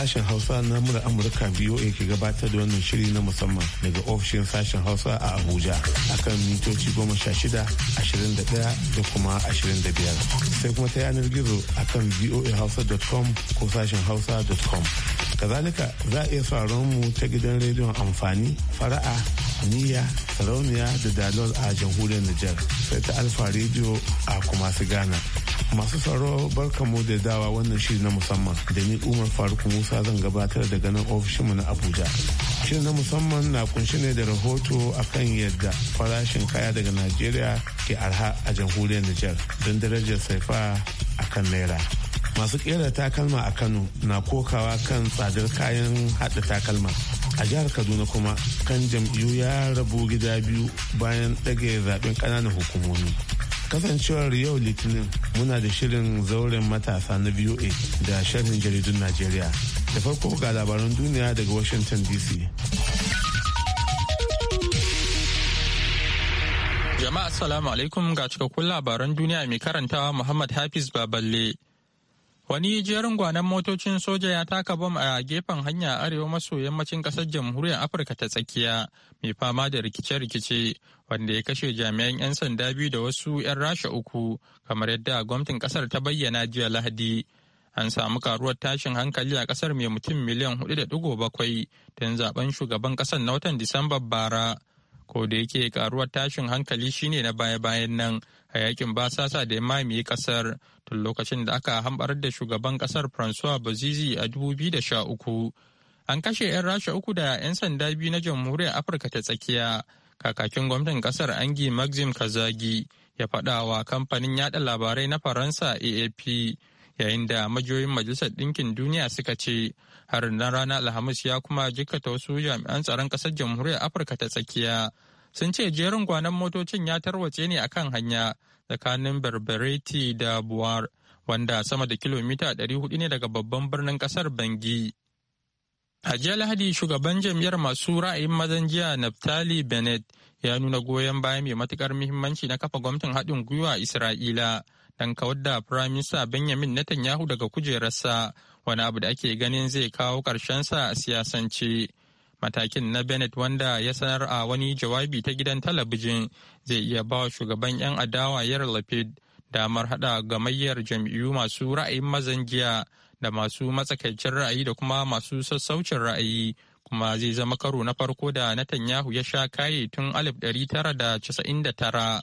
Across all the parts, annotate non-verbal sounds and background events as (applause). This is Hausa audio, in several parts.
sashen hausa na mura amurka boa ke gabata da wannan shiri na musamman daga ofishin sashen hausa a abuja akan mitoci goma sha shida ashirin da daya da kuma ashirin da biyar sai kuma ta yanar gizo a kan akan voahausa.com ko sashen hausa hausa.com kazalika za a iya sauraron mu ta gidan rediyon amfani fara'a niyya sarauniya da dalol a jamhuriyar nijar sai ta alfa rediyo a kuma su ghana masu tsaro barkamu da dawa wannan shiri na musamman da ni umar faruk musa zan gabatar daga nan ofishinmu na abuja shirin na musamman na kunshi ne da rahoto akan yadda farashin kaya daga najeriya ke arha a jamhuriyar nijar don darajar saifa a kan naira masu kera takalma a kano na kokawa kan tsadar kayan haɗa takalma a jihar kaduna kuma kan jam'iyyu ya rabu gida biyu bayan ɗage zaben ƙananan hukumomi kasancewar yau litinin muna da shirin zauren matasa na voa da sharhin jaridun najeriya da farko ga labaran duniya daga washington dc jama'a assalamu alaikum ga cikakkun labaran duniya mai karantawa muhammad hafiz baballe wani jerin gwanon motocin soja ya taka bom a gefen hanya arewa maso yammacin kasar jamhuriyar afirka ta tsakiya mai fama da rikice-rikice wanda ya kashe jami'an 'yan sanda biyu da wasu 'yan rasha uku kamar yadda gwamnatin kasar ta bayyana jiya lahadi an samu karuwar tashin hankali a kasar mai mutum miliyan 4.7 tun zaben shugaban kasar na watan disamba bara ko da yake karuwar tashin hankali shine na baya-bayan nan a yakin basasa da ya mamaye kasar tun lokacin da aka hambar da shugaban kasar francois bazizi a 2013 an kashe 'yan rasha uku da 'yan sanda biyu na jamhuriyar afirka ta tsakiya kakakin gwamnatin kasar angi maxim kazagi ya faɗa wa kamfanin yada labarai na faransa aap yayin da majiyoyin majalisar ɗinkin duniya suka ce har na rana alhamis ya kuma jikkata wasu jami'an tsaron ƙasar jamhuriyar afirka ta tsakiya sun ce jerin gwanon motocin ya tarwatse ne akan hanya tsakanin berbereti da buwar wanda sama da kilomita 400 ne daga babban birnin ƙasar bangi A jiya Lahadi shugaban jam'iyyar masu ra'ayin mazan jiya Naftali Bennett ya nuna goyon baya mai matukar muhimmanci na kafa gwamnatin haɗin gwiwa Isra'ila don kawar da Firaminista Benjamin Netanyahu daga kujerarsa wani abu da ake ganin zai kawo sa a siyasance. Matakin na Bennett wanda ya sanar a wani jawabi ta gidan talabijin zai iya bawa shugaban 'yan adawa yar Lapid damar haɗa gamayyar jam'iyyu masu ra'ayin mazan jiya da masu matsakaicin ra'ayi da kuma masu sassaucin ra'ayi kuma zai zama karo na farko da Netanyahu ya sha kaye tun 1999.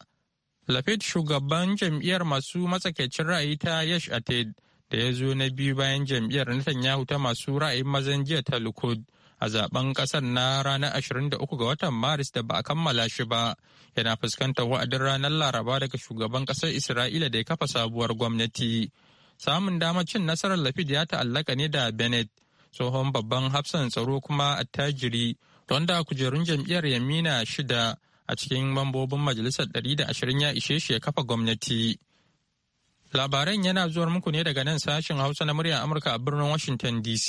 Lafit shugaban jam'iyyar masu matsakaicin ra'ayi ta Yesh Ated da ya zo na biyu bayan jam'iyyar Netanyahu ta masu ra'ayin mazan jiya ta Likud a zaben kasar na ranar 23 ga watan Maris da ba a kammala shi ba yana fuskantar wa'adin ranar Laraba daga shugaban kasar Isra'ila da ya kafa sabuwar gwamnati. samun damar cin nasarar lafid ya ta'allaka ne da benet tsohon babban hafsan tsaro kuma attajiri don da kujerun jam'iyyar yamina shida a cikin mambobin majalisar 120 ya ishe shi ya kafa gwamnati labaran yana zuwar muku ne daga nan sashen hausa na muryar amurka a birnin washington dc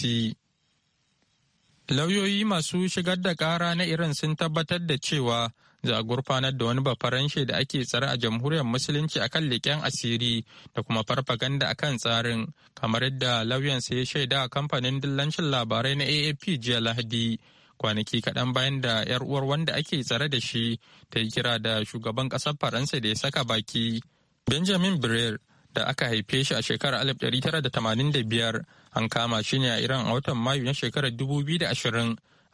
lauyoyi masu shigar da kara na irin sun tabbatar da cewa za a gurfanar da wani bafaranshe da ake tsare a jamhuriyar musulunci akan leƙen asiri da kuma farfaganda kan tsarin kamar yadda sa ya shaida a kamfanin dillancin labarai na AAP jiya Lahadi kwanaki kaɗan bayan da 'yar uwar wanda ake tsare da shi ta yi kira da shugaban ƙasar Faransa da ya saka baki. Benjamin Breer da aka haife shi a shekarar 1985 an kama shi ne a Iran a watan Mayu na shekarar 2020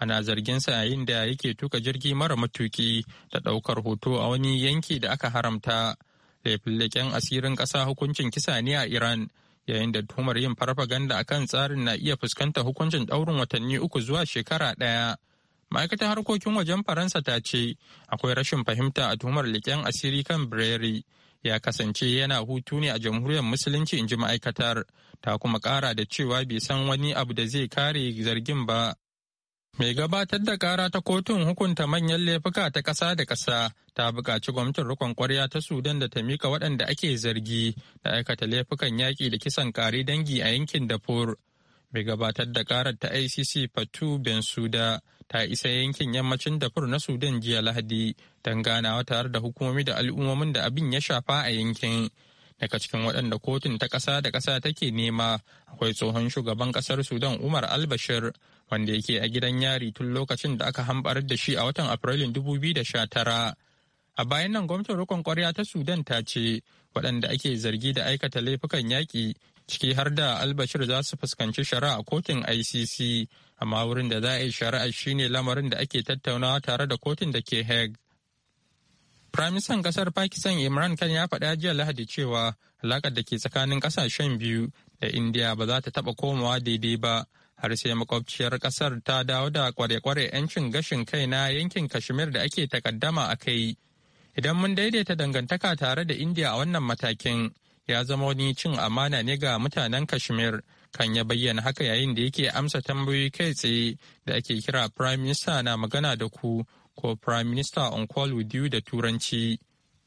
ana zargin sa yayin da yake tuka jirgi mara matuki da ɗaukar hoto a wani yanki da aka haramta laifin asirin ƙasa hukuncin kisa ne a iran yayin da tuhumar yin farfaganda akan tsarin na iya fuskanta hukuncin ɗaurin watanni uku zuwa shekara ɗaya ma'aikatar harkokin wajen faransa ta ce akwai rashin fahimta a tuhumar leƙen asiri kan breri ya kasance yana hutu ne a jamhuriyar musulunci in ji ma'aikatar ta kuma ƙara da cewa bai san wani abu da zai kare zargin ba Mai gabatar da kara ta kotun hukunta manyan laifuka ta ƙasa da ƙasa ta buƙaci gwamnatin rukun ƙwarya ta Sudan da ta mika waɗanda ake zargi da aikata laifukan yaƙi da kisan ƙari dangi a yankin dafur Mai gabatar da karar ta ICC Fatu suda ta isa yankin yammacin dafur na Sudan jiya Lahadi don ganawa tare da hukumomi da al'ummomin da abin ya shafa a yankin. daga cikin waɗanda kotun ta ƙasa da ƙasa take nema akwai tsohon shugaban ƙasar sudan umar albashir wanda yake a gidan yari tun lokacin da aka hambar da shi a watan Afrilun 2019. A bayan nan gwamnatin rukun kwarya ta Sudan ta ce waɗanda ake zargi da aikata laifukan yaƙi ciki har da albashir za su fuskanci shari'a a kotun ICC amma wurin da za a yi shari'a shine lamarin da ake tattaunawa tare da kotun da ke Hague. Firaministan kasar Pakistan Imran Khan ya faɗa jiya Lahadi cewa alakar da ke tsakanin ƙasashen biyu da indiya ba za ta taɓa komawa daidai ba har sai makwabciyar kasar ta dawo da kware-kware 'yancin gashin kai na yankin kashmir da ake takaddama a kai idan mun daidaita dangantaka tare da indiya a wannan matakin ya zama wani cin amana ne ga mutanen kashmir kan ya bayyana haka yayin da yake amsa tambayoyi kai tsaye da ake kira prime minister na magana da ku ko prime minister on call with you da turanci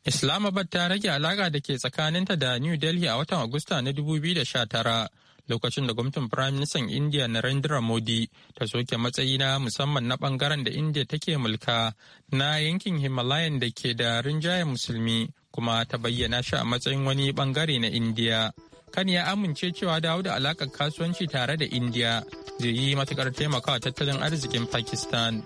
islamabad ta rage alaka da ke tsakaninta da new delhi a watan agusta na 2019 lokacin da gwamnatin Prime Minister India narendra modi ta soke matsayi na musamman na bangaren da India take mulka na yankin himalayan da ke da rinjayen musulmi kuma ta bayyana shi a matsayin wani bangare na India. kan ya amince cewa dawo da alakar kasuwanci tare da India zai yi matukar taimakawa tattalin arzikin pakistan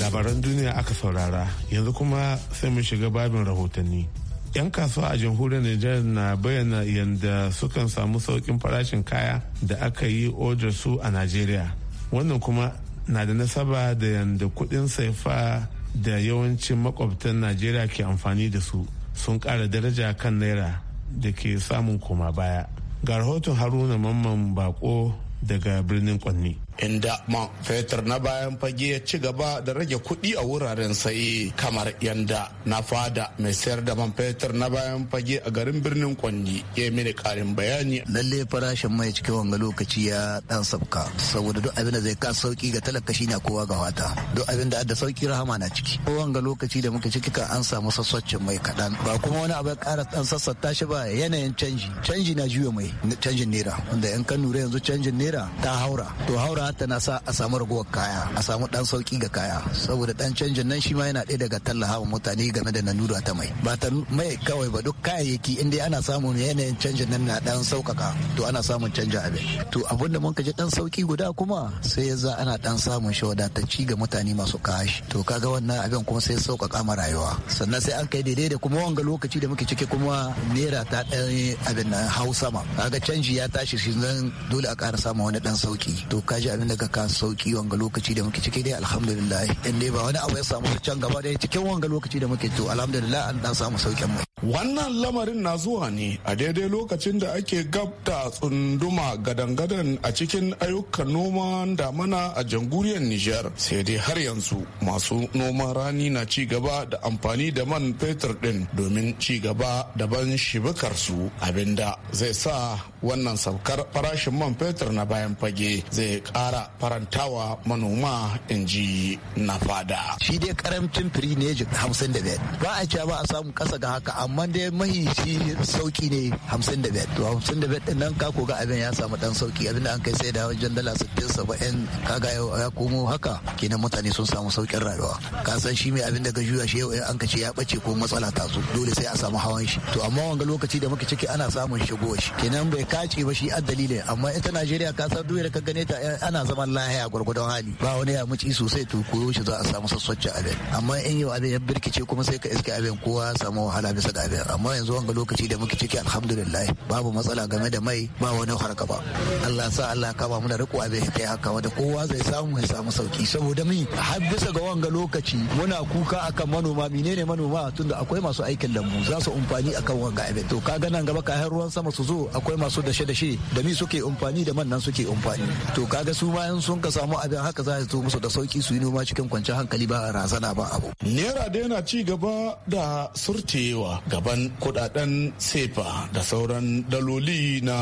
labaran duniya aka saurara yanzu kuma sai mu shiga babin rahotanni 'yan kasuwa a jamhuriyar Nijar na bayyana yadda sukan samu sauƙin farashin kaya da aka yi order su a Najeriya. Wannan kuma na da nasaba da yadda kuɗin saifa da yawancin makwabtan Najeriya ke amfani da su sun ƙara daraja kan naira da ke samun koma baya. Ga rahoton Haruna Mamman Bako daga birnin Kwanni. inda man fetur na bayan fage ya ci gaba da rage kuɗi a wuraren sai. kamar yanda na fada mai sayar da man fetur na bayan fage a garin birnin kwanni ya yi mini karin bayani lalle farashin mai cikin wanga lokaci ya dan sabka saboda duk abin da zai ka sauki ga talaka na kowa ga wata duk abin da adda sauki rahama na ciki ko wanga lokaci da muka ciki kan an samu sassacin mai kaɗan ba kuma wani abu ƙara dan sassata shi ba yanayin canji canji na juya mai canjin naira wanda yan kan nura yanzu canjin naira ta haura to haura ma tana sa a samu raguwar kaya a samu dan sauki ga kaya saboda dan canjin nan shi ma yana ɗaya daga tallafa mutane game da nanura ta mai ba ta mai kawai ba duk kayayyaki inda ana samun yanayin canjin nan na dan sauƙaƙa to ana samun canjin abin to abin da mun ji dan sauki guda kuma sai ya za ana dan samun shi wadatacci ga mutane masu kashi to kaga wannan abin kuma sai sauƙaƙa ma rayuwa sannan sai an kai daidai da kuma wanga lokaci da muke ciki kuma naira ta ɗan abin nan hau sama kaga canji ya tashi shi zan dole a ƙara samun wani dan sauki to kaji abin da ka kan sauki wanga lokaci da muke ciki dai alhamdulillah in dai ba wani abu ya samu can gaba dai cikin wanga lokaci da muke to alhamdulillah an dan samu saukin mai wannan lamarin na zuwa ne a daidai lokacin da ake gab da tsunduma gadan-gadan a cikin ayyukan noman damana a jamhuriyar Nijar sai dai har yanzu masu noman rani na ci gaba da amfani da man fetur din domin ci gaba da ban shibikar su abinda zai sa wannan saukar farashin man fetur na bayan fage zai ƙara kara farantawa manoma in ji na fada. Shi dai karamcin firi ne hamsin da biyar. Ba a cewa ba a samu kasa ga haka amma dai mahi shi sauki ne hamsin da biyar. To hamsin da biyar din nan kako ga abin ya samu dan sauki abin da an kai sai da wajen dala sittin saba'in kaga ya komo haka kenan mutane sun samu saukin rayuwa. Ka san shi mai abin da ka juya shi yau an ka kace ya bace ko matsala ta zo dole sai a samu hawan shi. To amma wanga lokaci da muke ciki ana samun shigo shi. Kenan bai kace ba shi a dalilin amma ita Najeriya ka san duk ka gane ta ana zaman lahiya gwargwadon hali ba wani ya muci sosai to koyo shi za a samu sassaucin abin amma in yau abin ya birkice kuma sai ka iske abin kowa samu wahala bisa ga abin amma yanzu wanga lokaci da muke ciki alhamdulillah babu matsala game da mai ba wani harka ba Allah sa Allah kama mu da riko abin kai haka wanda kowa zai samu ya samu sauki saboda mi har bisa ga wanga lokaci muna kuka akan manoma menene manoma tunda akwai masu aikin lambu za su umfani akan wanga abin to ka ga nan gaba ka ruwan sama su zo akwai masu dashe-dashe da mi suke umfani da man nan suke umfani to kaga su ma sun ka samu abin haka za zo musu da sauki su yi noma cikin kwanciyar hankali ba razana ba abu. Naira da yana ci gaba da surtewa gaban kudaden sefa da sauran daloli na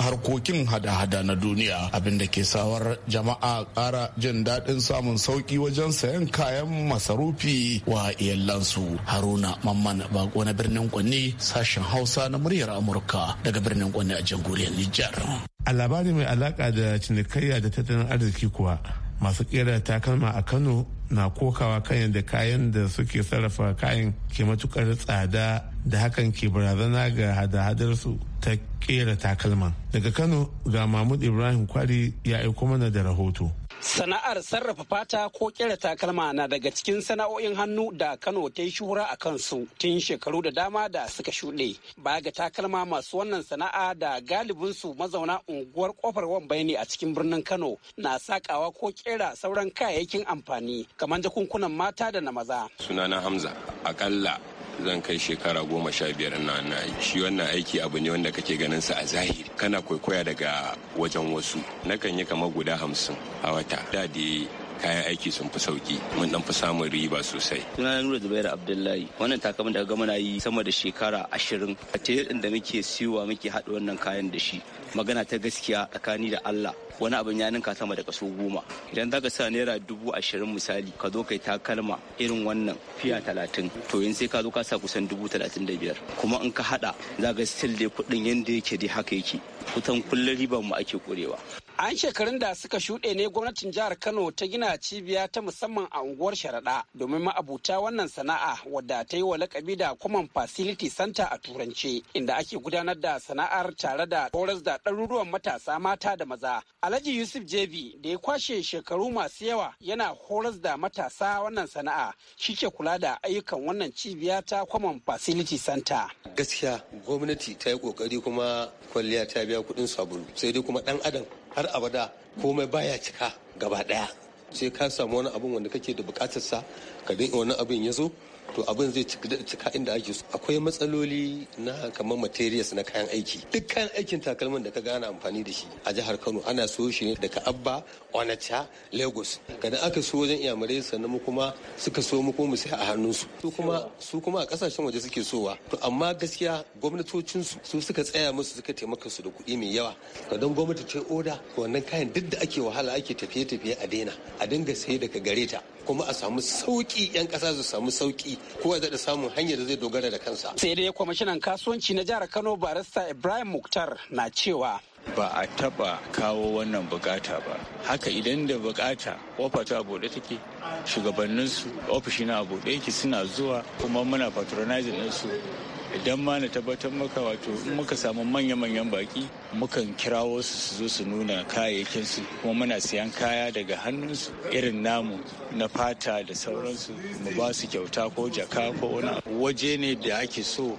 harkokin hada-hada na duniya abin da ke sawar jama'a kara jin daɗin samun sauki wajen sayan kayan masarufi wa iyalansu. Haruna Mamman Bako na birnin kwanni sashen Hausa na muryar Amurka daga birnin kwanni a jamhuriyar Nijar. a labari mai alaka da cinikayya da tattalin arziki kuwa masu kera takalma a kano na kokawa kan yadda kayan da suke sarrafa kayan ke matukar tsada da hakan ke barazana ga hada su ta kera takalman daga kano ga mahmud ibrahim kwari ya aiko mana da rahoto Sana'ar sarrafa fata ko kera takalma na daga cikin sana'o'in hannu da Kano ta yi shuhura a kansu tun shekaru da dama da suka shuɗe. Baya ga takalma masu wannan sana'a da galibinsu mazauna unguwar kofar wambai ne a cikin birnin Kano na sakawa ko kera sauran kayayyakin amfani kamar jakunkunan mata da na maza. Sunana Hamza, akalla zan kai shekara goma sha biyar na na shi wannan aiki abu ne wanda kake ganin sa a zahiri kana kwaikwaya daga wajen wasu nakan yi kamar guda hamsin a wata da kayan aiki sun fi sauki mun dan fi samun riba sosai Suna sunana nura zubairu abdullahi wannan takalmin da ga muna yi sama da shekara ashirin a tirin da muke siyowa muke haɗa wannan kayan da shi magana ta gaskiya tsakani da allah wani abin ya ninka sama da kaso goma idan za ka sa naira dubu ashirin misali ka zo kai takalma irin wannan fiya talatin to yin sai ka zo ka sa kusan dubu talatin da biyar kuma in ka haɗa za ka still dai kuɗin yadda yake dai haka yake Wutan kullum riban mu ake ƙurewa An shekarun da suka shuɗe ne gwamnatin jihar Kano ta gina cibiya ta musamman a unguwar Sharaɗa domin ma'abuta wannan sana'a wadda ta yi wa lakabi da Common Facility Center a Turance inda ake gudanar da sana'ar tare da horas da ɗaruruwan matasa mata da maza. Alhaji Yusuf Jebi da ya kwashe shekaru masu yawa yana horas da matasa wannan sana'a shi ke kula da ayyukan wannan cibiya ta Common Facility Center. Gaskiya gwamnati ta yi kokari kuma kwalliya ta biya kuɗin sabulu sai dai kuma ɗan adam har abada komai baya cika gaba daya sai ka samu wani abin wanda kake da bukatarsa ka wani abin ya zo to abin zai cika inda ake so akwai matsaloli na kamar materials na kayan aiki duk kayan aikin takalman da ka gane amfani da shi a jihar kano ana so shi ne daga abba onacha lagos kada aka so wajen iyamurai sannan mu kuma suka so mu kuma sai a hannunsu su kuma su kuma a kasashen waje suke sowa to amma gaskiya gwamnatocin su su suka tsaya musu suka taimaka su da kuɗi mai yawa kadan gwamnati ta oda wannan kayan duk da ake wahala ake tafiye-tafiye a daina a dinga sai daga gare ta kuma a samu sauki yan kasa su samu sauki kowa da samun hanyar da zai dogara da kansa sai dai kwamishinan kasuwanci na jihar Kano barista Ibrahim Muktar na cewa ba a taba kawo wannan bukata ba haka idan da bukata kofa ta bude take shugabanninsu ofishi na bude yake suna zuwa kuma muna patronizing su idan ma na tabbatar maka wato in muka samu manya-manyan baki mukan kirawo su su zo su nuna kayayyakin kuma muna siyan kaya daga hannunsu irin namu na fata da sauransu mu ba su kyauta ko jaka ko wani waje ne da ake so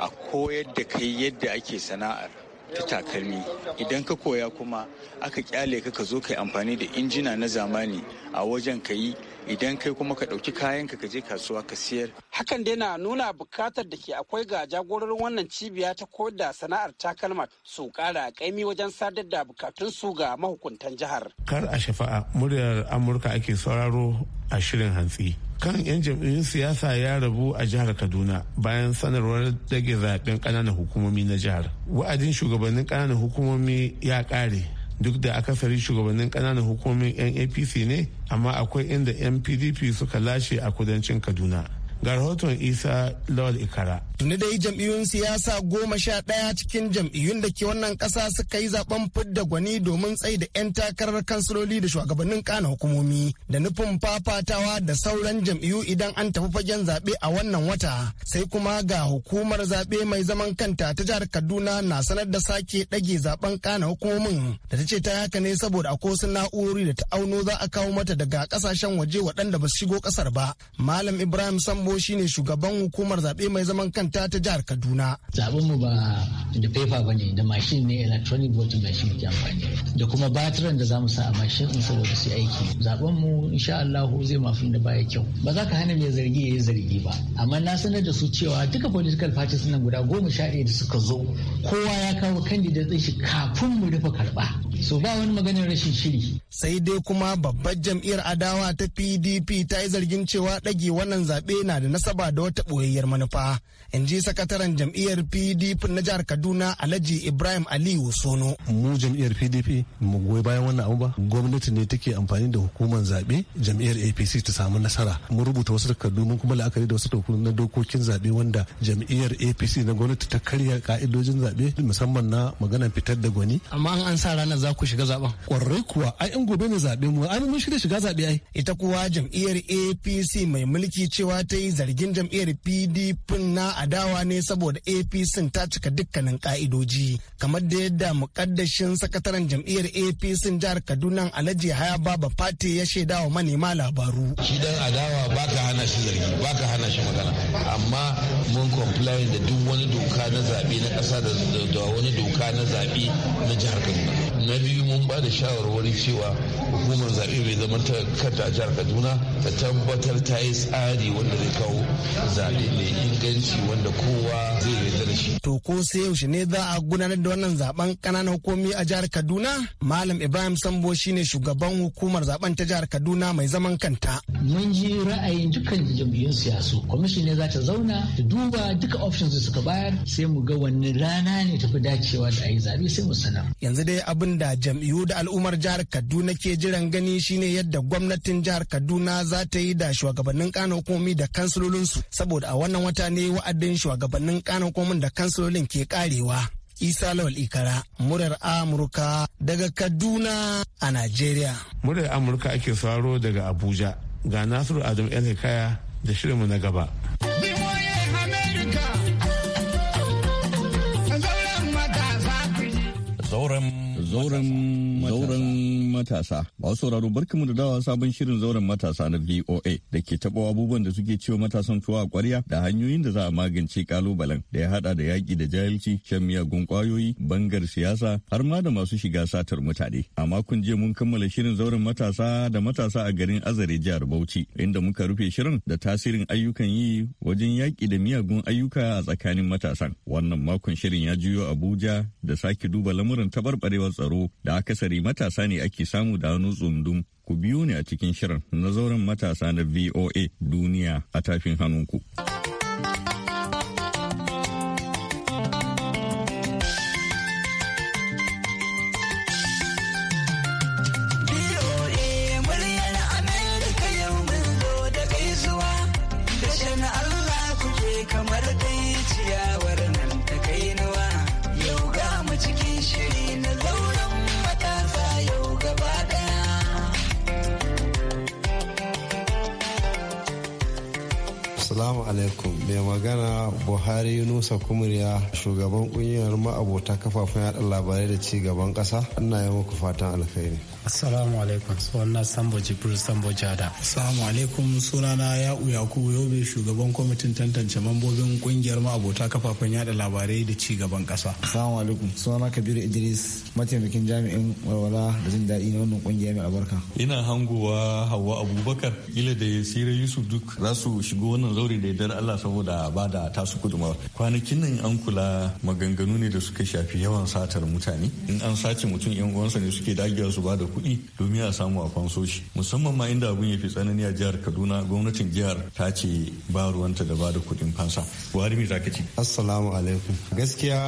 a koyar da kai yadda ake sana'ar ta takalmi idan ka koya kuma aka kyale ka ka zo kai amfani da injina na zamani a wajen ka yi idan kai kuma ka ɗauki kayan ka je kasuwa ka siyar. Hakan dai na nuna bukatar da ke akwai ga jagororin wannan cibiya ta koyar da sana'ar takalma su kara ƙaimi wajen sadar da bukatun su ga mahukuntan jihar. Kar a shafa'a muryar Amurka ake sauraro a shirin hantsi. Kan 'yan jam'iyyun siyasa ya rabu a jihar Kaduna bayan sanarwar dage zaɓen ƙananan hukumomi na jihar. Wa'adin shugabannin ƙananan hukumomi ya ƙare. duk da akasari shugabannin kananan hukumomin 'yan apc ne amma akwai inda 'yan pdp suka lashe a kudancin kaduna ga rahoton isa lawal ikara Tuni dai jam'iyyun siyasa goma sha ɗaya cikin jam'iyyun da ke wannan kasa suka yi zaben fidda gwani domin tsaye da 'yan takarar kansiloli da shugabannin kana hukumomi da nufin fafatawa da sauran jam'iyyu idan an tafi fagen zaɓe a wannan wata. Sai kuma ga hukumar zaɓe mai zaman kanta ta jihar Kaduna na sanar da sake ɗage zaben kana hukumomin da ta ce ta haka ne saboda akwai wasu na'urori da ta auno za a kawo mata daga ƙasashen waje waɗanda ba su shigo ƙasar ba. Malam Ibrahim Sambo shine shugaban hukumar zaɓe mai zaman kanta kanta ta jihar Kaduna. Zaben mu ba da paper ba ne da mashin ne electronic voting machine ke amfani da kuma batiran da zamu sa a mashin in saboda su aiki. Zaben mu insha Allah zai mafin da baya kyau. Ba za ka hana mai zargi ya yi zargi ba. Amma na sanar da su cewa duka political parties nan guda goma sha ɗaya da suka zo kowa ya kawo candidate ɗin shi kafin mu rufe karɓa. So ba wani maganin rashin shiri. Sai dai kuma babbar jam'iyyar adawa ta PDP ta yi zargin cewa ɗage wannan zaɓe na da nasaba da wata ɓoyayyar manufa in ji sakataren jam'iyyar pdp na jihar kaduna alhaji ibrahim aliyu sono mu jam'iyyar pdp mu goyi bayan wannan abu ba gwamnati ne take amfani da hukumar zaɓe jam'iyyar apc ta samu nasara mu rubuta wasu takardu mun kuma la'akari da wasu takardu na dokokin zaɓe wanda jam'iyyar apc na gwamnati ta karya ka'idojin zaɓe musamman na maganar fitar da gwani amma an sa ranar za ku shiga zaɓen kwarai kuwa ai in gobe ne zaɓe mu ai mun shirya shiga zaɓe ai ita kuwa jam'iyyar apc mai mulki cewa ta yi zargin jam'iyyar pdp na adawa ne saboda apc ta cika dukkanin ka'idoji kamar da yadda mukaddashin sakataren jam'iyyar apc jihar kaduna alhaji haya baba fati ya shaida wa manema labaru shi dan adawa baka hana shi zargi baka hana shi magana amma mun comply da duk wani doka na zaɓe na ƙasa da wani doka na zaɓe na jihar kaduna na biyu mun ba da shawarwari cewa hukumar zabe bai zama ta kanta jihar kaduna ta tabbatar ta yi tsari wanda zai kawo zaɓe mai inganci wanda kowa zai yarda da shi. To ko sai yaushe ne za a gudanar da wannan zaben kananan hukumi a jihar Kaduna? Malam Ibrahim Sambo shine shugaban hukumar zaben ta jihar Kaduna mai zaman kanta. Mun ji ra'ayin dukkan jam'iyyun siyasu. Kwamishin ne za ta zauna ta duba duka options da suka bayar sai mu ga wani rana ne tafi dacewa da ayi zabe sai mu sanar. Yanzu dai abin da jam'iyyu da al'ummar jihar Kaduna ke jiran gani shine yadda gwamnatin jihar Kaduna za ta yi da shugabannin kananan hukumi da kansilolinsu saboda a wannan wata ne wa'ad wa'adin shugabannin kanan komin da kansilolin ke ƙarewa Isa Lawal Ikara, murar Amurka daga Kaduna a Najeriya. Murar Amurka ake sauraro daga Abuja ga Nasiru Adam El Hikaya da shirinmu na gaba. Zauran zauren matasa. Ba sauraro barkamu da dawa sabon shirin zauren matasa na VOA da ke taɓa abubuwan da suke cewa matasan tuwa a kwarya da hanyoyin da za a magance kalubalen da ya haɗa da yaƙi da jahilci, shan miyagun ƙwayoyi, bangar siyasa har ma da masu shiga satar mutane. A makon jiya mun kammala shirin zauren matasa da matasa a garin Azare jihar Bauchi inda muka rufe shirin da tasirin ayyukan yi wajen yaƙi da miyagun ayyuka a tsakanin matasan. Wannan makon shirin ya juyo Abuja da sake duba lamuran tabarbarewar tsaro da akasari matasa ne ake ke samu da hannu tsundum ku biyo ne a cikin shirin na zauren matasa na VOA duniya a tafin hannunku. ku. mai magana buhari yunusa kumuriya shugaban kungiyar ma'abota kafafen yada labarai da ci gaban kasa ina yi muku fatan alkhairi Assalamu alaikum suna Sambo Jibril Sambo Jada. Assalamu alaikum sunana ya Yakubu Yobe shugaban kwamitin tantance mambobin kungiyar ma'abota kafafen yada labarai da ci gaban kasa. Assalamu alaikum sunana Kabiru Idris mataimakin jami'in walwala da jin daɗi na wannan kungiya mai albarka. Ina hangowa Hauwa Abubakar ila da Sira Yusuf duk za su shigo wannan zaure da yardar Allah saboda ba da tasu guduma Kwanakin nan an kula maganganu ne da suka shafi yawan satar mutane in an sace mutum yan uwansa ne suke dagewa su ba da kuɗi domin a samu a kwanso shi musamman ma inda abun ya fi tsanani a jihar kaduna gwamnatin jihar ta ce ba ruwanta da ba da kuɗin fansa buhari mai zaka ce assalamu alaikum gaskiya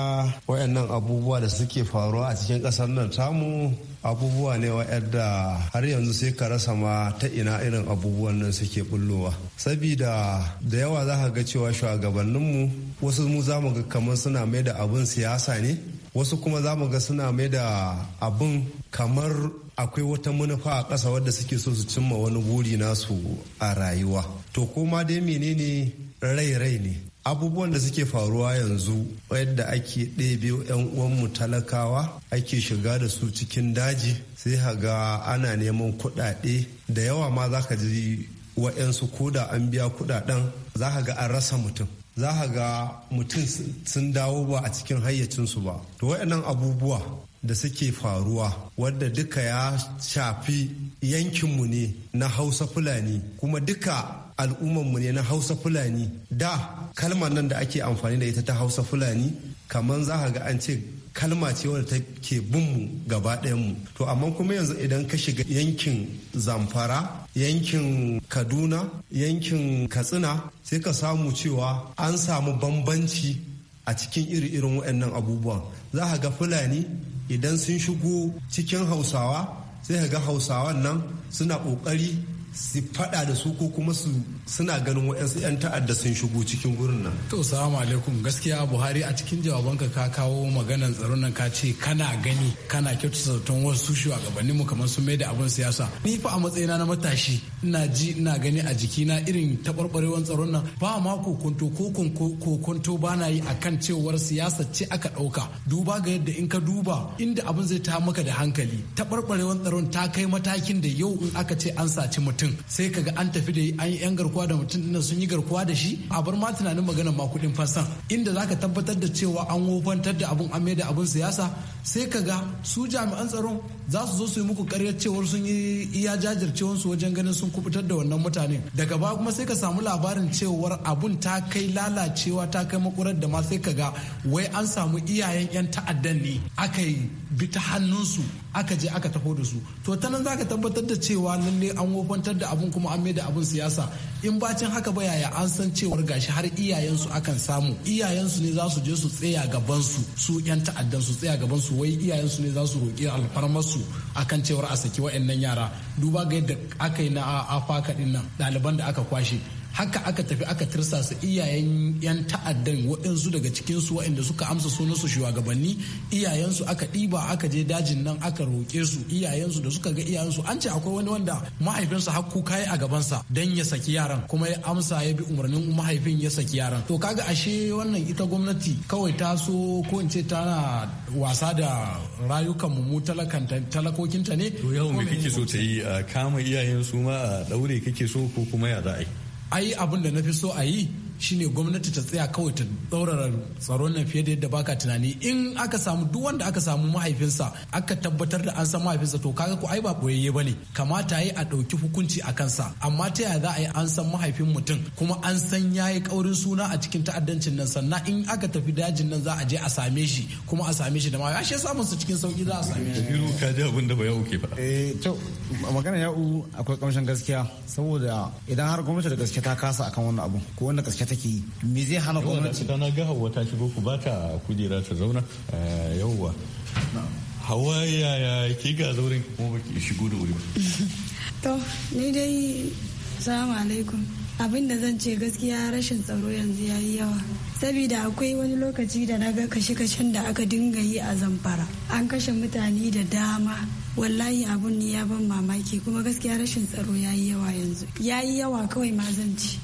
wayannan abubuwa da suke faruwa a cikin ƙasar nan tamu abubuwa ne wa'yadda har yanzu sai ka rasa ma ta ina irin abubuwan nan suke bullowa sabida da yawa za ka ga cewa shugabanninmu wasu mu za mu ga kamar suna mai da abin siyasa ne wasu kuma za mu ga suna mai da abin kamar akwai wata manufa a ƙasa wadda suke so su cimma wani buri nasu a rayuwa to kuma dai menene rai rai ne abubuwan da suke faruwa yanzu yadda ake ɗebe 'yan uwanmu talakawa ake shiga da su cikin daji sai haga ana neman kuɗaɗe da yawa ma za ka ji wa'yansu da an biya kuɗaɗen za ka ga an rasa mutum za ka ga mutum sun dawo ba a cikin hayyacinsu ba to waɗannan abubuwa da suke faruwa wadda duka ya shafi yankinmu ne na hausa fulani kuma duka al'ummanmu ne na hausa fulani da kalmar nan da ake amfani da ita ta hausa fulani kamar za ka ga an ce kalma ce wadda take binmu gaba ɗayanmu to amma kuma yanzu idan ka shiga yankin zamfara yankin kaduna yankin katsina sai ka samu cewa an samu bambanci a cikin iri-irin waɗannan abubuwan za a ga fulani idan sun shigo cikin hausawa sai ka ga hausawan nan suna ƙoƙari su fada da su ko kuma su suna ganin waɗansu 'yan ta'adda sun shigo cikin gurin nan. To salamu alaikum gaskiya Buhari a cikin jawabanka ka kawo maganar tsaron nan ka ce kana gani kana kyautu sautan wasu shugabanninmu kamar sun mai da abin siyasa. Ni fa a matsayina na matashi ina ji ina gani a jikina irin taɓarɓarewar tsaron nan ba ma kokonto ko kokonto ba na yi akan cewar siyasa ce aka ɗauka. Duba ga yadda in ka duba inda abin zai ta maka da hankali taɓarɓarewar tsaron ta kai matakin da yau in aka ce an saci mutum mutum sai kaga an tafi da an yan garkuwa da mutum dinnan sun yi garkuwa da shi a bar ma tunanin magana ma kuɗin fasan inda zaka tabbatar da cewa an wofantar da abun an da abun siyasa sai kaga su jami'an tsaron za su zo su yi muku karyar cewar sun yi iya jajircewar su wajen ganin sun kubutar da wannan mutane. daga ba kuma sai ka samu labarin cewar abun ta kai lalacewa ta kai makurar da ma sai kaga wai an samu iyayen yan ta'addan ne aka yi bi ta hannunsu aka je aka taho da su to ta nan zaka tabbatar da cewa lalle an wofantar da abun kuma an mai da abun siyasa in bacin haka ba yaya an san cewar gashi har iyayensu akan samu iyayensu ne za su je su tsaya gaban su su yan ta'addan su tsaya gaban su wai iyayensu ne za su roƙi alfarmarsu akan cewar a saki wa'annan yara duba ga yadda aka yi na afaka dinnan nan ɗaliban da aka kwashe haka aka tafi aka tirsasa iyayen yan ta'addan waɗansu daga cikin su waɗanda suka amsa sunansu shugabanni iyayensu aka ɗiba aka je dajin nan aka roƙe su iyayensu da suka ga iyayensu an ce akwai wani wanda mahaifinsa har kuka yi a gabansa dan ya saki yaran kuma ya amsa ya bi umarnin mahaifin ya saki yaran to kaga ashe wannan ita gwamnati kawai ta so ko in ce tana wasa da rayukan mu talakan talakokinta ne to yau me kike so ta yi kama iyayen su ma a daure kake so ko kuma ya za'a ai abin da na fi so a yi shine gwamnati ta tsaya kawai ta tsaurara tsaron nan fiye da yadda baka tunani in aka samu duk wanda aka samu mahaifinsa aka tabbatar da an san mahaifinsa to kaga ko ai ba boyayye bane kamata yi a ɗauki hukunci a kansa amma ta yaya za a yi an san mahaifin mutum kuma an san yayi kaurin suna a cikin ta'addancin nan sannan in aka tafi dajin nan za a je a same shi kuma a same shi da ma shi samun su cikin sauki za a same shi biru ka ji abin da ba yau ke ba eh to magana ya'u akwai kamshin gaskiya saboda idan har gwamnati da gaske ta kasa akan wannan abu ko wanda gaske take yi me zai hana gwamnati ta na ga hawa ta shigo ku bata kujera ta zauna yawwa hawa ya ki ga zaurin kuma baki shigo da wuri (laughs) to ni dai salamu alaikum abin da zan ce gaskiya rashin tsaro yanzu ya yi yawa saboda akwai wani lokaci da na ga kashe-kashen da aka dinga yi a zamfara an kashe mutane da dama wallahi abun ne ya ban mamaki kuma gaskiya rashin tsaro ya yi yawa yanzu ya yi yawa kawai ma zan ci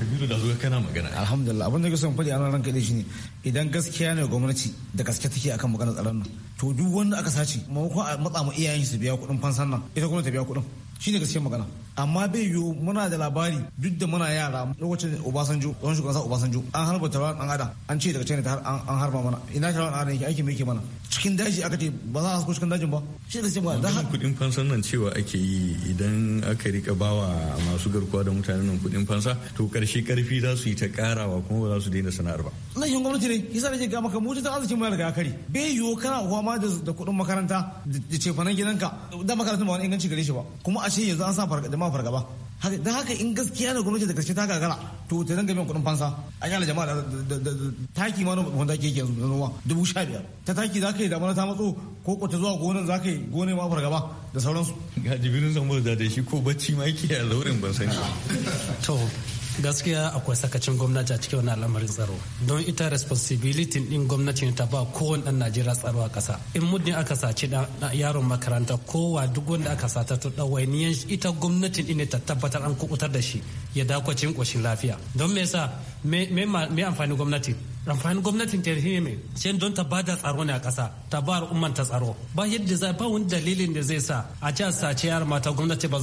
kabiru da zuwa kana magana alhamdulillah abin da ke son faɗi a ranar kaɗai shine idan gaskiya ne gwamnati da gaske take akan magana tsaron nan to duk wanda aka sace maimakon a matsa ma iyayen su biya kuɗin fansan nan ita gwamnati ta biya kuɗin shi ne gaskiyar magana amma bai yiwu muna da labari duk da muna yara lokacin obasanjo don shugaban sa obasanjo an harba taron dan adam an ce daga china an harba mana ina taron adam yake aiki mai ke mana cikin daji aka ce ba za a hasko cikin dajin ba shi da ce ba da kudin fansan nan cewa ake yi idan aka rika bawa masu garkuwa da mutanen nan kudin fansa to karshe karfi za su yi ta karawa kuma ba za su daina sana'ar ba yin gwamnati ne yasa ke ga maka mu ta arzikin mu daga akari bai yiwu kana kuwa ma da kudin makaranta da cefanan gidanka da makarantar ba wani inganci gare shi ba kuma a ce yanzu an sa farka jama'a fargaba da haka in gaskiya ne gwamnati da gaske ta gagara to ta zanga biyan kuɗin fansa an yana jama'a da taki ma wanda ake yanzu noma dubu sha biyar ta taki za ka yi damar ta matso ko ta zuwa gonar za ka yi gonar ma fargaba da sauransu ga jibirin zan da shi ko bacci ma yake a lauren ban sani to gaskiya akwai sakacin gwamnati a cikin wani al'amarin tsaro don ita responsibility din gwamnati ne ta ba kowane dan najeriya tsaro a kasa in muddin aka saci yaron makaranta kowa duk wanda aka sata to ɗawainiyan ita gwamnati din ta tabbatar an kubutar da shi ya dakwacin koshin lafiya don me yasa me amfani gwamnati amfanin gwamnatin ta yi mai sai don ta bada tsaro ne a kasa ta ba al'umman ta tsaro ba yadda za ba wani dalilin da zai sa a ce a sace yara mata gwamnati ba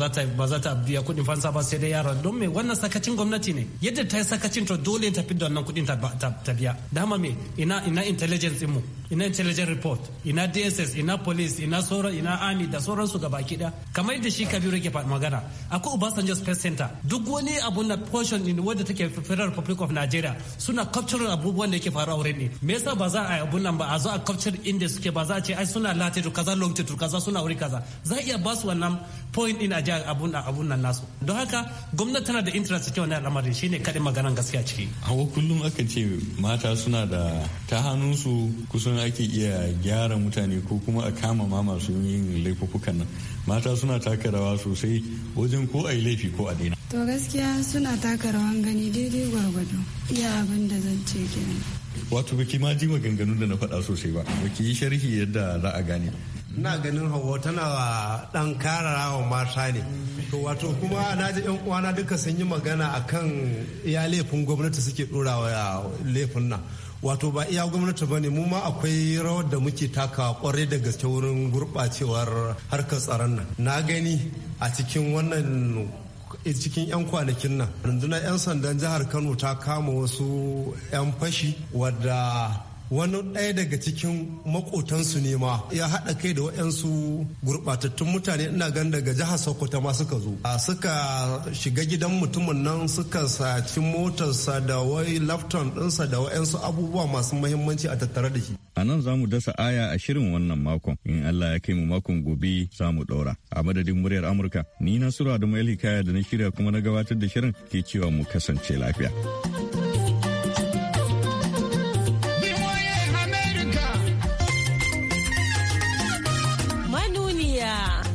za ta biya kuɗin fansa ba sai dai yara don me wannan sakacin gwamnati ne yadda ta yi sakacin to dole ta fidda wannan kuɗin ta biya dama me ina ina intelligence mu ina intelligence report ina dss ina police ina sauran ina army da sauransu gaba da. kamar yadda shi kabiru yake magana akwai obasanjo space center duk wani abu na portion in wadda take federal republic of nigeria suna capturing abubuwan abubuwan da yake a wurin ne me yasa ba za a yi abun nan ba a zo a culture inda suke ba za a ce ai suna to kaza to kaza suna wuri kaza za a iya ba su wannan point din a ji abun abun nan nasu don haka gwamnati tana da interest cikin wannan al'amarin shine kadai maganan gaskiya ciki hawa kullum aka ce mata suna da ta hannunsu kusan ake iya gyara mutane ko kuma a kama ma masu yin laifukan nan mata suna taka rawa sosai wajen ko a yi laifi ko a daina to gaskiya suna taka rawan gani daidai gwargwado iya abin da zan ce kenan wato baki ma ji maganganun da na faɗa sosai ba baki yi sharhi yadda za a gane ina ganin hawa tana dan karara wa mata ne to wato kuma na ji yan uwana duka sun yi magana akan iya laifin gwamnati suke ɗorawa laifin nan wato ba iya gwamnati ba ne mu ma akwai rawar da muke taka kwarai da gaske wurin gurɓacewar harkar tsaron nan na gani a cikin wannan cikin 'yan kwanakin nan rundunar 'yan sandan jihar kano ta kama wasu 'yan fashi wadda wani ɗaya daga cikin makotansu ne ma ya haɗa kai da waɗansu gurɓatattun mutane ina gan daga jihar sokoto ma suka zo a suka shiga gidan mutumin nan suka saci motarsa da wai lafton ɗinsa da waɗansu abubuwa masu mahimmanci a tattare da shi a nan za mu dasa aya a shirin wannan makon in allah ya kai mu makon gobe za mu ɗora a madadin muryar amurka ni na sura da mai hikaya da na shirya kuma na gabatar da shirin ke cewa mu kasance lafiya.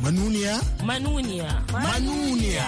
Manuniya? Manuniya. Manuniya.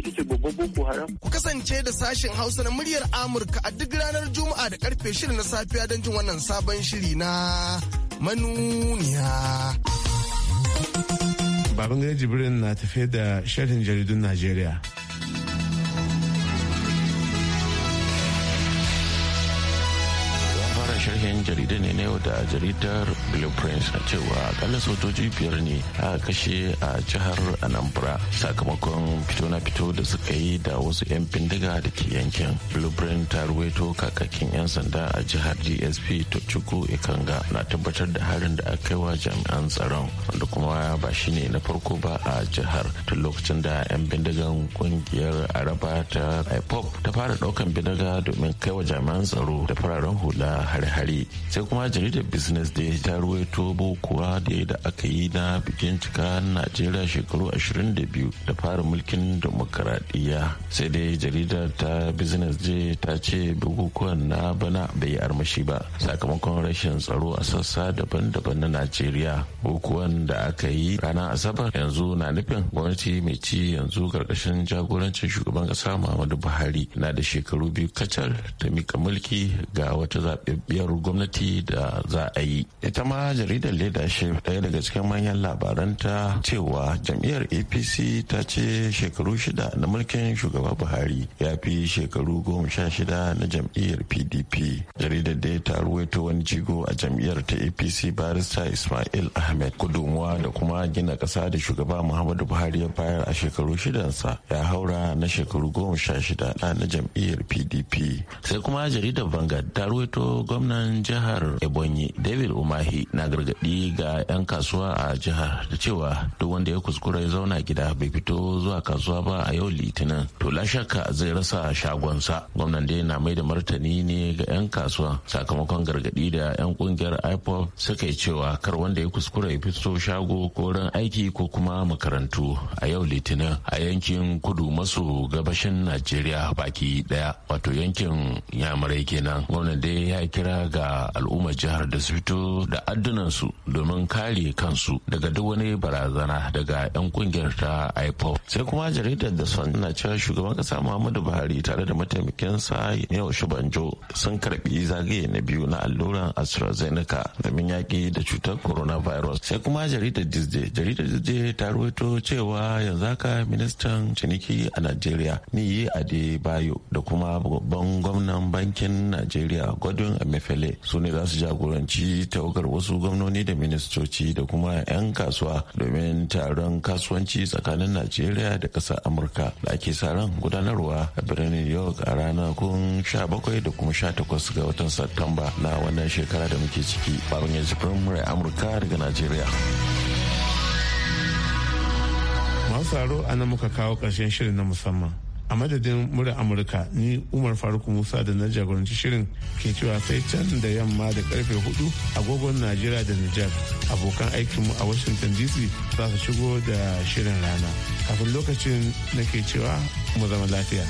ita ce babban boko haram. Ku kasance da sashen Hausa na muryar Amurka a duk ranar Juma'a da karfe shirin na safiya don jin wannan sabon shiri na manuniya. Babangare Jibrin na tafe da shirin jaridun Najeriya. shirin jarida ne ne yau da jaridar Willow Prince a cewa akalla sojoji biyar ne a kashe a jihar Anambra sakamakon fito na fito da suka yi da wasu 'yan bindiga da ke yankin. Blueprint ta ruwaito kakakin 'yan sanda a jihar DSP Tochukwu Ikanga na tabbatar da harin da aka wa jami'an tsaron wanda kuma ba shi ne na farko ba a jihar tun lokacin da 'yan bindigan kungiyar araba ta ipop ta fara daukan bindiga domin kai wa jami'an tsaro da fararen hula hare-hare sai kuma jaridar business day ta rawaito boko da da aka yi na bikin cika najeriya shekaru 22 da fara mulkin demokaradiyya sai dai jaridar ta business day ta ce bukukuwan na bana bai armashi ba sakamakon rashin tsaro a sassa daban-daban na najeriya bukukuwan da aka yi ranar asabar yanzu na nufin gwamnati mai ci yanzu karkashin jagorancin shugaban kasa muhammadu buhari na da shekaru biyu kacal ta mika mulki ga wata zaɓaɓɓiyar gwamnati da za a yi ita ma kuma jaridar leadership daya daga cikin manyan labaranta cewa jam'iyyar apc ta ce shekaru shida na mulkin shugaba buhari ya fi shekaru goma sha shida na jam'iyyar pdp jaridar da ta ruwaito wani jigo a jam'iyyar ta apc barista ismail ahmed kudumwa da kuma gina kasa da shugaba muhammadu buhari ya bayar a shekaru shidansa ya haura na shekaru goma sha shida na jam'iyyar pdp sai kuma jaridar vangard ta ruwaito gwamnan jihar ebonyi david umahi na gargaɗi ga 'yan kasuwa a jihar da cewa duk wanda ya kuskura ya zauna gida bai fito zuwa kasuwa ba a yau litinin to la shakka zai rasa shagonsa gwamnan dai na mai da martani ne ga 'yan kasuwa sakamakon gargaɗi da 'yan kungiyar ipop suka yi cewa kar wanda ya kuskura ya fito shago ko ran aiki ko kuma makarantu a yau litinin a yankin kudu maso gabashin najeriya baki daya wato yankin yamurai kenan gwamnan dai ya kira ga al'ummar jihar da su fito da addunansu domin kare kansu daga duk wani barazana daga 'yan kungiyar ta ipop sai kuma jaridar da sun na cewa shugaban kasa muhammadu buhari tare da mataimakinsa yau shubanjo sun karbi zagaye na biyu na alluran astrazeneca domin yaki da cutar coronavirus sai kuma jaridar disney jaridar disney ta ruwaito cewa yanzu haka ministan ciniki a najeriya ade adebayo da kuma babban gwamnan bankin najeriya godwin amefele su ne za su jagoranci tawagar wasu wasu gwamnoni da ministoci da kuma 'yan kasuwa domin taron kasuwanci tsakanin najeriya da ƙasar amurka da ake sa ran gudanarwa a birnin new york a ranakun 17 da kuma sha 18 ga watan Satumba na wannan shekara da muke ciki babin yanzu firamare amurka daga najeriya masu tsaro ana muka kawo ƙarshen shirin na musamman a madadin murar amurka ni umar faruk musa da na jagoranci shirin ke cewa sai can da yamma da karfe hudu agogon najeriya da nijar abokan aikinmu a washington dc za su shigo da shirin rana kafin lokacin nake cewa mu zama lafiya